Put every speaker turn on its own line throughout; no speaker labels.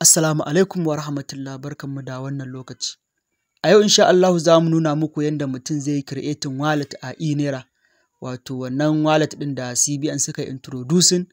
Assalamu alaikum wa rahmatullah kanmu da wannan lokaci. A yau insha Allah za mu nuna muku yadda mutum zai creating wallet a naira. Wato wannan wallet ɗin da CBN suka introducing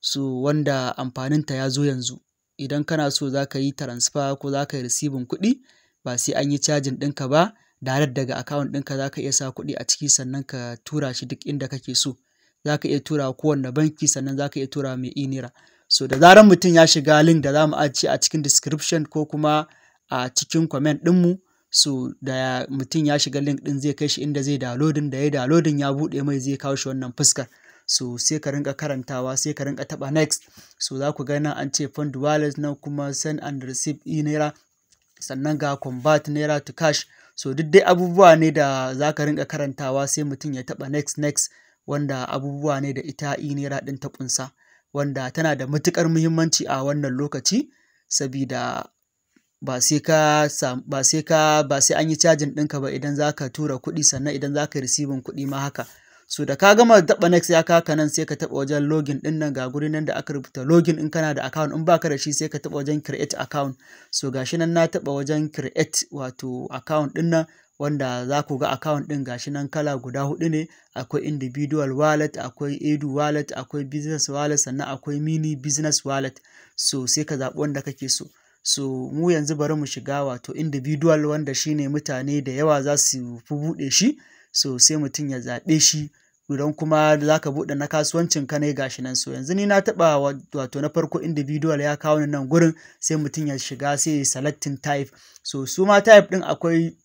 so wanda amfaninta ya zo yanzu. Idan kana so za ka yi transfer ko za ka yi receiving kuɗi ba sai an yi cajin ɗinka ba direct daga account ɗinka za ka iya sa kuɗi a ciki sannan ka tura shi duk inda kake so. Za ka iya tura kowanne banki sannan za ka iya tura mai naira. so da zarar mutum ya shiga link da za mu ajiye a cikin description ko kuma a cikin comment ɗinmu so da mutum ya shiga link ɗin zai kai shi inda zai downloading da ya downloading ya buɗe mai zai kawo shi wannan fuskar so sai ka rinka karantawa sai ka rinka taba next so za ku ga an ce fund wallet na kuma send and receive e naira sannan ga convert naira to cash so duk dai abubuwa ne da za ka rinka karantawa sai mutum ya taba next next wanda abubuwa ne da ita e naira din ta kunsa wanda tana da matuƙar muhimmanci a wannan lokaci sabida ba sai ka an yi cajin ɗinka ba idan za ka tura kuɗi sannan idan za ka yi risibin kuɗi ma haka so da ka gama taɓa next ya kaka nan sai ka taɓa wajen login ɗin nan ga guri nan da aka rubuta login in kana da account in baka da shi sai ka taɓa wajen create account so gashi nan na taɓa wajen create wato account ɗin nan wanda za ku ga account ɗin gashi nan kala guda hudu ne akwai individual wallet akwai edu wallet akwai business wallet sannan akwai mini business wallet so sai ka zaɓi wanda kake so so mu yanzu bari mu shiga wato individual wanda shine mutane da yawa za su fi buɗe shi so sai mutum ya zaɓe shi don kuma za ka buɗe na kasuwancin ka ne gashi nan so yanzu ni na taɓa wato na farko individual ya kawo ni nan gurin sai mutum ya shiga sai selecting type so su ma type ɗin akwai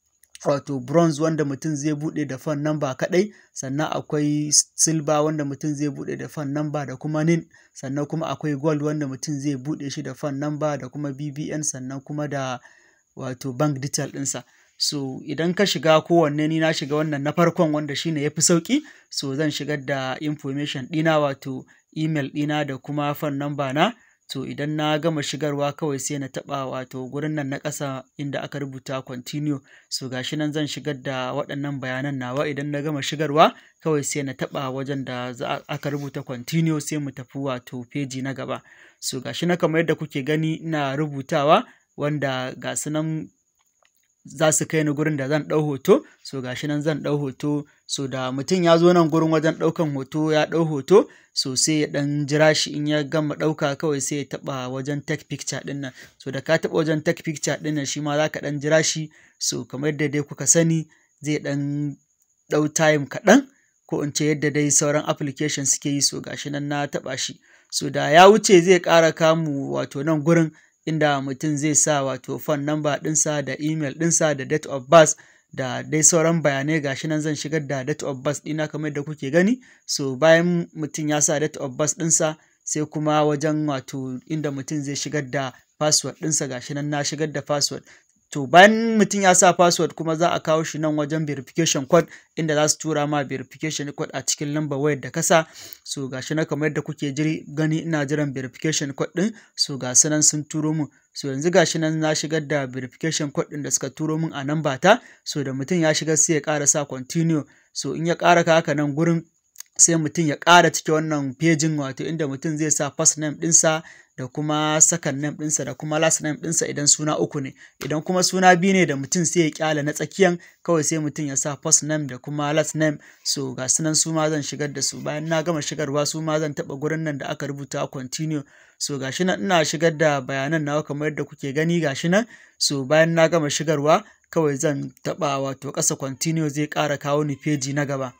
wato bronze wanda mutum zai buɗe da fan namba kadai sannan akwai silver wanda mutum zai buɗe da fan namba da kuma nin sannan kuma akwai gold wanda mutum zai buɗe shi da fan namba da kuma bbn sannan kuma da wato bank detail ɗinsa. so idan ka shiga kowanne ni na shiga wannan na farkon wanda shine ya fi sauki so zan shigar da information dina wato email dina da kuma fan number na to idan na gama shigarwa kawai sai na taɓa wato gurin nan na ƙasa inda aka rubuta continue so gashi nan zan shigar da waɗannan bayanan nawa idan na gama shigarwa kawai sai na taba wajen da aka rubuta continue sai mu tafi wato peji na gaba so gashi na kamar yadda kuke gani ina rubutawa wanda ga sunan za su kai ni gurin da zan ɗau hoto so gashi nan zan ɗau hoto so da mutum ya zo nan gurin wajen ɗaukan hoto ya ɗau hoto so sai ya ɗan jira shi in ya gama ɗauka kawai sai ya taɓa wajen tech picture ɗin nan so da ka taɓa wajen tech picture ɗin nan shi ma za ka ɗan jira shi so kamar yadda dai kuka sani zai ɗan ɗau time kaɗan ko in ce yadda dai sauran application suke yi so gashi nan na taɓa shi so da ya wuce zai ƙara kamu wato nan gurin inda mutum zai sa wato phone number ɗinsa da email ɗinsa da date of birth da dai sauran bayanai gashi nan zan shigar da date of birth ɗina kamar da kuke gani so bayan mutum ya sa date of birth ɗinsa sai kuma wajen wato inda mutum zai shigar da password ɗinsa gashi nan na shigar da password to bayan mutum ya sa password kuma za a kawo shi nan wajen verification code inda za su tura ma verification code a cikin lambar wayar da kasa so shi na kamar yadda kuke jiri gani ina jiran verification code din so ga su nan sun turo mu so yanzu ga shi nan na shigar da verification code din da suka turo mun a nan ta so da mutum ya shigar sai ya ƙara sa continue so in ya ƙara ka haka nan gurin sai mutum ya ƙara cike wannan pejin wato inda mutum zai sa first name ɗinsa da kuma second name ɗinsa da kuma last name ɗinsa idan suna uku ne idan kuma suna biyu ne da mutum sai ya kyale na tsakiyan kawai sai mutum ya sa first name da kuma last name so ga sunan su ma zan shigar da su bayan na gama shigarwa su ma zan taɓa gurin nan da aka rubuta continue so shi nan ina shigar da bayanan nawa kamar yadda kuke gani ga shi nan so bayan na gama shigarwa kawai zan taɓa wato ƙasa continue zai ƙara kawo ni feji na gaba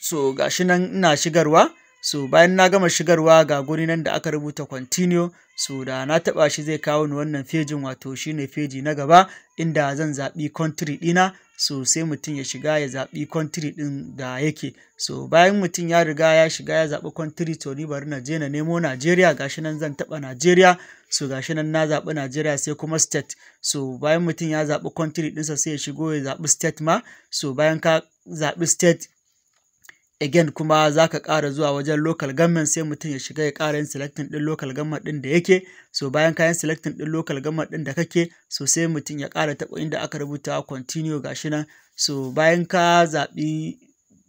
so ga shi nan ina shigarwa so bayan na gama shigarwa ga guri nan da aka rubuta continue so da na taba shi zai kawo ni wannan fejin wato shine feji na gaba inda zan zabi country dina so sai mutum ya shiga ya zaɓi country ɗin da yake so bayan mutum ya riga ya shiga ya zaɓi country to ni bari na je na nemo Najeriya gashi nan zan taɓa Najeriya so gashi nan na zaɓi Najeriya sai kuma state so bayan mutum ya zabi country ɗinsa sai ya shigo ya zaɓi state ma so bayan ka zaɓi state again kuma za ka ƙara zuwa wajen local government sai mutum ya shiga ya ƙara yin selecting ɗin local government ɗin da yake so bayan kayan selecting ɗin local government ɗin da kake so sai mutum ya ƙara taɓa inda aka rubuta continue gashi nan so bayan ka zaɓi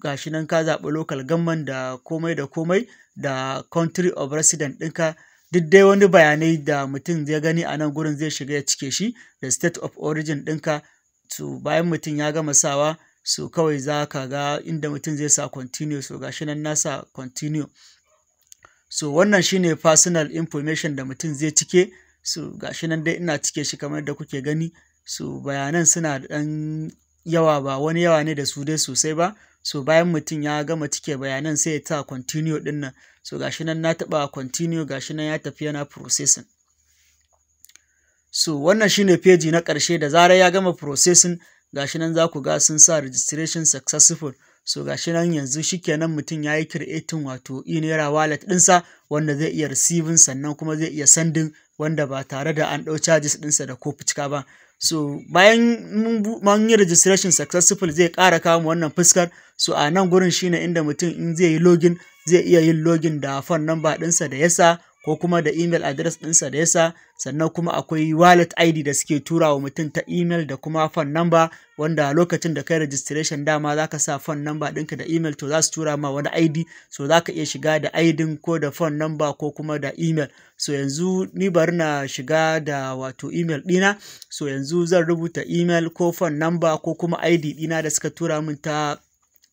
gashi nan ka zaɓi local government da komai da komai da country of resident ɗinka duk dai wani bayanai da mutum zai gani a nan gurin zai shiga ya cike shi da state of origin ɗinka to bayan mutum ya gama sawa so kawai za ka ga inda mutum zai sa continue so ga nan nasa continue so wannan shine personal information da mutum zai cike so ga nan dai ina cike shi kamar da kuke gani so bayanan suna da ɗan yawa ba wani yawa ne da su dai sosai ba so bayan mutum ya gama cike bayanan sai ya ta continue din nan so ga nan na taɓa continue ga nan ya tafi yana processing so wannan shine page na ƙarshe da zarar ya gama processing gashi nan za ku ga sun sa registration successful so gashi nan yanzu shikenan mutum ya yi creating wato e-naira wallet dinsa wanda zai iya receiving sannan kuma zai iya sandin wanda ba tare da an ɗau charges dinsa da ko fuska ba so bayan mun yi registration successful zai ƙara kawo wannan fuskar so a nan gurin shine inda mutum in zai yi login zai iya yin login da phone number dinsa da yasa ko kuma da email address ɗinsa da yasa sannan kuma akwai wallet ID da suke tura wa mutum ta email da kuma phone number wanda lokacin da kai registration dama zaka sa phone number ɗinka da email to za su tura ma wani ID so za iya shiga da ID ko da phone number ko kuma da email so yanzu ni bari na shiga da wato email ɗina so yanzu zan rubuta email ko phone number ko kuma ID ɗina da suka tura min ta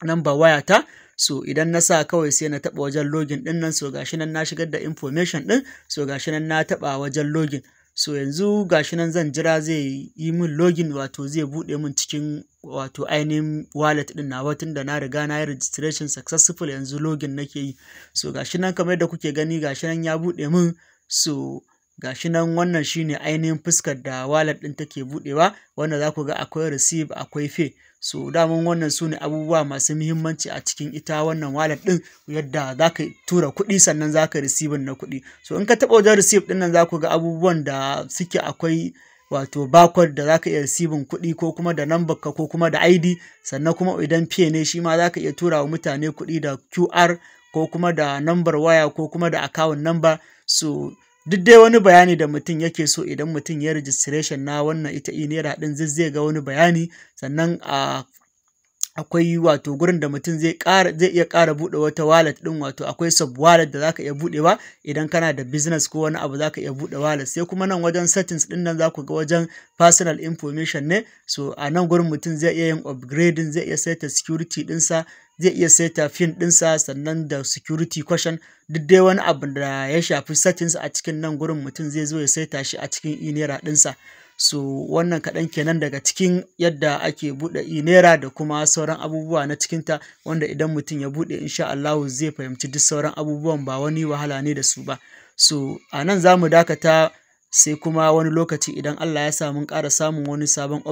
number wayata so idan na sa kawai sai na taɓa wajen login ɗin nan so gashi nan na shigar da information din so gashi nan na taba wajen login so yanzu gashi nan zan jira zai yi min login wato zai buɗe min cikin wato ainihin wallet ɗin na watan da na riga na yi registration successful yanzu login nake yi so gashi nan kamar da kuke gani gashi nan ya buɗe min so gashi nan wannan shine ainihin fuskar da wallet ɗin take buɗewa wanda za ku ga akwai receive akwai pay so daman wannan su ne abubuwa masu muhimmanci a cikin ita wannan wallet ɗin yadda za ka tura kuɗi sannan za ka receive na kuɗi so in ka taɓa wajen receive ɗin nan za ku ga abubuwan da suke akwai wato barcode da za ka iya receive kuɗi ko kuma da number ka ko kuma da ID sannan kuma idan pay ne shi ma za ka iya tura wa mutane kuɗi da QR ko kuma da number waya ko kuma da account number so duk dai wani bayani da mutum yake so idan mutum ya registration na wannan ita e naira ɗin zai ga wani bayani sannan a ah, akwai wato gurin da mutum zai ƙara zai iya ƙara buɗe wata wallet ɗin wato akwai sub wallet da zaka iya buɗewa idan kana da business ko wani abu zaka iya buɗe wallet sai kuma nan wajen settings ɗin nan zaku ga wajen personal information ne so a nan gurin mutum zai iya yin upgrading zai iya saita security sa zai iya saita fin ɗinsa sannan da security question duk dai wani abu da ya shafi settings a cikin nan gurin mutum zai zo ya saita shi a cikin inera ɗinsa. so wannan kaɗan kenan daga cikin yadda ake buɗe inera da kuma sauran abubuwa na cikinta wanda idan mutum ya buɗe insha Allahu zai fahimci duk sauran abubuwan ba wani wahala ne da su ba so a nan za mu dakata sai kuma wani lokaci idan Allah ya samu mun ƙara samun wani sabon